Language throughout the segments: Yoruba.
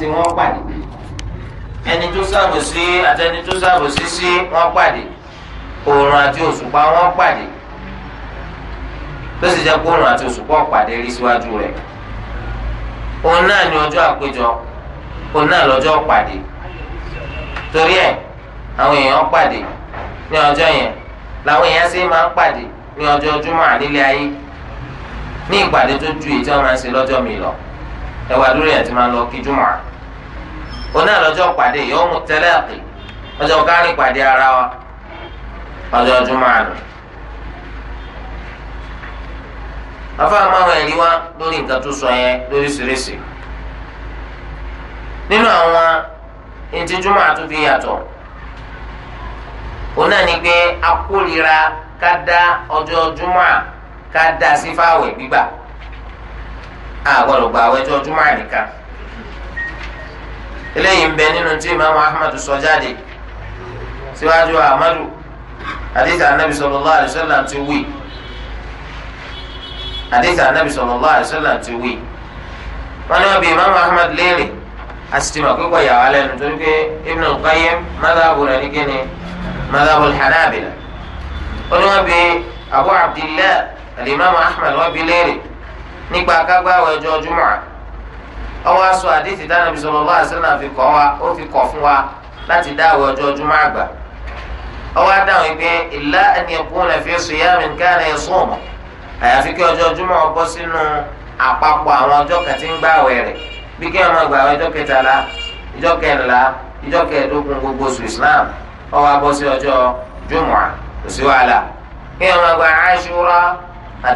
tí wọ́n pàdé ẹni tó ṣàbòsí àtẹni tó ṣàbòsí sí wọ́n pàdé òòrùn àti òṣùpá wọ́n pàdé tó jẹ́ kóòrùn àti òṣùpá pàdé rí síwájú rẹ̀ òun náà ni ọjọ́ àpéjọ òun náà lọ́jọ́ pàdé torí ẹ̀ àwọn èèyàn pàdé ní ọjọ́ yẹn làwọn èèyàn sì máa ń pàdé ní ọjọ́ júmọ̀ nílé ayé ní ìpàdé tó ju èyí máa ń ṣe lọ́jọ́ mi lọ ẹwà lórí àti máa lọ kí jùmọ̀ à oní àlọ́jọ́ pàdé yawmu talaqi ọjọ́ kárìn pàdé ara wa ọjọ́ jùmọ̀ àná. afáàmù àwọn ẹ̀rí wa lórí nǹkan tó sọ yẹn lóríṣiríṣi nínú àwọn ètí jùmọ̀ àtúnfi yàtọ̀ òun náà ni pé akórira ká dá ọjọ́ jùmọ̀ ká dá sífàwẹ̀ gbígbà àwọn ọgbà àwọn ẹjọ ọdún márùn nìkan eléyìí ń bẹ nínú tí imaamu ahmadu sọ jáde síwájú ahmadu hadith anabi sallallahu alayhi wa sallam ti wí hadith anabi sallallahu alayhi wa sallam ti wí wọn ní wọn bí imaamu ahmadu léèrè asitima kíkọ yàrá lẹ́nu torí pé ibn qayyim madhabu rẹ̀ ní kíni madhabu al wọn ní wọn bí abu abdillah alimami ahmad wọn bí léèrè. nípa aka gbaa júmọ̀ ọwọ́ aṣọ àdìsí dáná bí sọlọ́lá àṣẹ́nà fi kọ́ wa ó fi kọ́ fún wa láti dá àwọn ọjọ́ júmọ̀ àgbà ẹni fi ṣe yára nǹkan rẹ̀ sọ̀mù àyàfi kí sínú àwọn ń gbà bí kí gbà kẹtàlá kẹrìnlá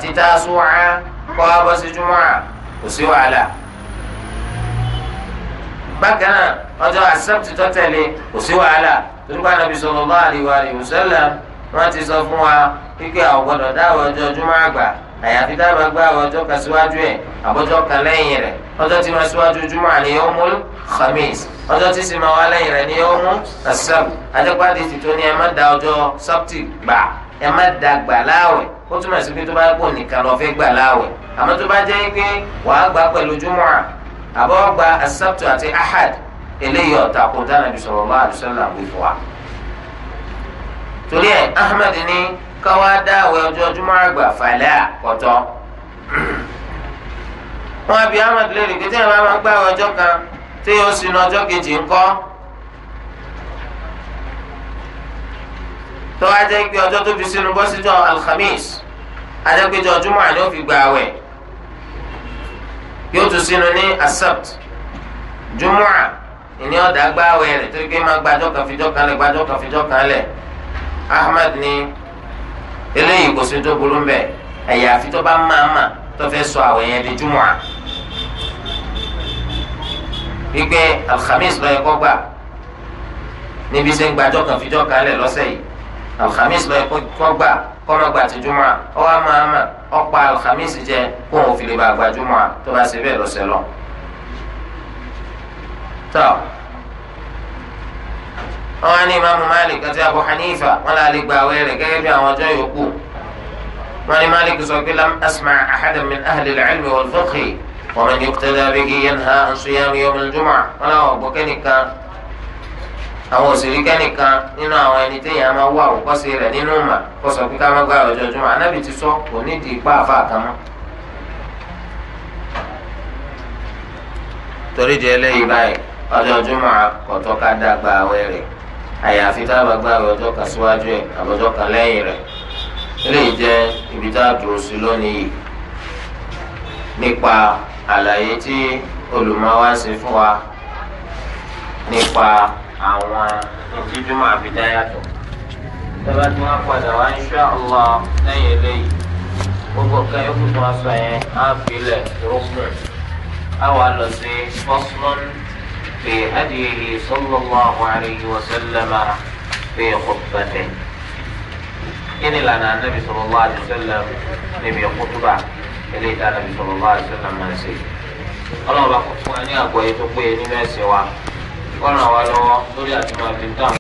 gbogbo kọ́ wa bọ́ sí júmọ́ra kò sí wàhálà bákan náà ọjọ́ àṣẹ́pùtì tó tẹ̀lé kò sí wàhálà torípa nàbí sallallahu alaihi wa sallam wọ́n ti sọ fún wa kíkẹ́ àwọn gbọ́dọ̀ dáwọ́ ọjọ́ júmọ́ra gbà àyàfi dábàá gbà àwọn ọjọ́ kan síwájú ẹ̀ àbọ̀jọ́ kan lẹ́yìn rẹ̀ ọjọ́ tí wọ́n síwájú júmọ́ ni yawmul khamis ọjọ́ tí sì máa wá lẹ́yìn rẹ̀ ni yawmu as-sabt ajẹ́pàdé ti tó ní ẹ má da ọjọ́ sọ́pùtì gbà ẹ má da gbà láwẹ̀ ó túmọ̀ sí pé tó bá pò nìkan lọ fẹ́ gbà láwẹ̀ àmọ́ tó bá jẹ́ pé wàá gbà pẹ̀lú júmọ́à àbọ̀ gba asabtu àti ahad eléyìí ọ̀tà kò dáná bí sallallahu alaihi wasallam wí fún wa. torí ẹ ahmed ní káwá dá àwẹ̀ ọjọ́ júmọ́à gbà fàlẹ́ àkọ́tọ́. wọn bí ahmed lè rí pé tí ẹ bá máa gbà àwẹ̀ ọjọ́ kan tí yóò sinú ọjọ́ kejì ńkọ́ tọ́wọ́ ajẹ́ pé ọjọ́ tó fi sínú bọ́ síjọ́ alhamis ajẹ́ pé jọ júmọ́ àná fi gba àwẹ̀ yóò tún sínú ní accept júmọ́ à ìní ọ̀dà gba àwẹ̀ rẹ̀ tó gbé máa gbàjọ́ kan fìjọ́ kan lẹ̀ gbàjọ́ kan fìjọ́ kan lẹ̀ Ahmad ní eléyìí kò sí tó burú mbẹ ẹ̀yà àfi tó bá máa mà tó fẹ́ sọ àwẹ̀ yẹn di júmọ́ à wípé alhamis lọ́yẹ̀ kọ́ gbà níbi sẹ́ gbàjọ́ kan fìjọ́ kan lẹ̀ lọ́sẹ̀ yìí alhamis lọ ẹkọ kọgbà kọlọgbà ti jumua ọwọ ama ama ọpa alhamis jẹ kó o fi lè ba gba jumua tó bá ṣe bẹ́ẹ̀ lọsẹ lọ. tọ wọn ní imaamu malik àti abu hanifa wọn là lè gba àwẹ̀ rẹ̀ gẹ́gẹ́ bí àwọn ọjọ́ yòókù wọn ní malik sọ pé lam asma ahadan min ahli al-ilmi wal fiqhi wa man yuqtada bihi yanha an siyami yawm al-jumua wọn làwọn nìkan. àwọn òṣèré kẹ́nìkan nínú àwọn ẹni téèyàn máa wá àwòkọ́ṣe rẹ̀ nínú mà kó sọ pé ká má gbá ọjọ́júmọ́ anábì ti sọ kò nídìí ipá àfa kan mọ́. torí di ẹlẹ́yìí báyìí ọjọ́júmọ́ àkọ́tọ́ ká dàgbà àwẹ̀ rẹ̀ àyàfi tá a kan síwájú ẹ̀ àbọ̀jọ́ kan lẹ́yìn rẹ̀ eléyìí jẹ́ ibi tá a dúró sí lónìí yìí nípa wa àwọn ìjíjúmọ̀ àbídá yàtọ̀. Tọ́lá tí wọ́n padà wá insha Allah lẹ́yìn eléyìí. Gbogbo ọ̀kan yókù tí wọ́n sọ yẹn á filẹ̀ rúkùn. A wà lọ sí Fọ́sùmọ́n fi hadiyihi sallallahu alayhi wa sallama fi khutbatih. Kí ni lànà Nàbì sallallahu alayhi wa sallam níbi khutba eléyìí tá Nàbì sallallahu alayhi wa sallam máa ń ṣe? Ọlọ́run bá kọ́ fún wa ní àgọ́ yìí tó péye nínú ẹ̀sìn wa kó ràn wá lọ́wọ́ lórí àti máa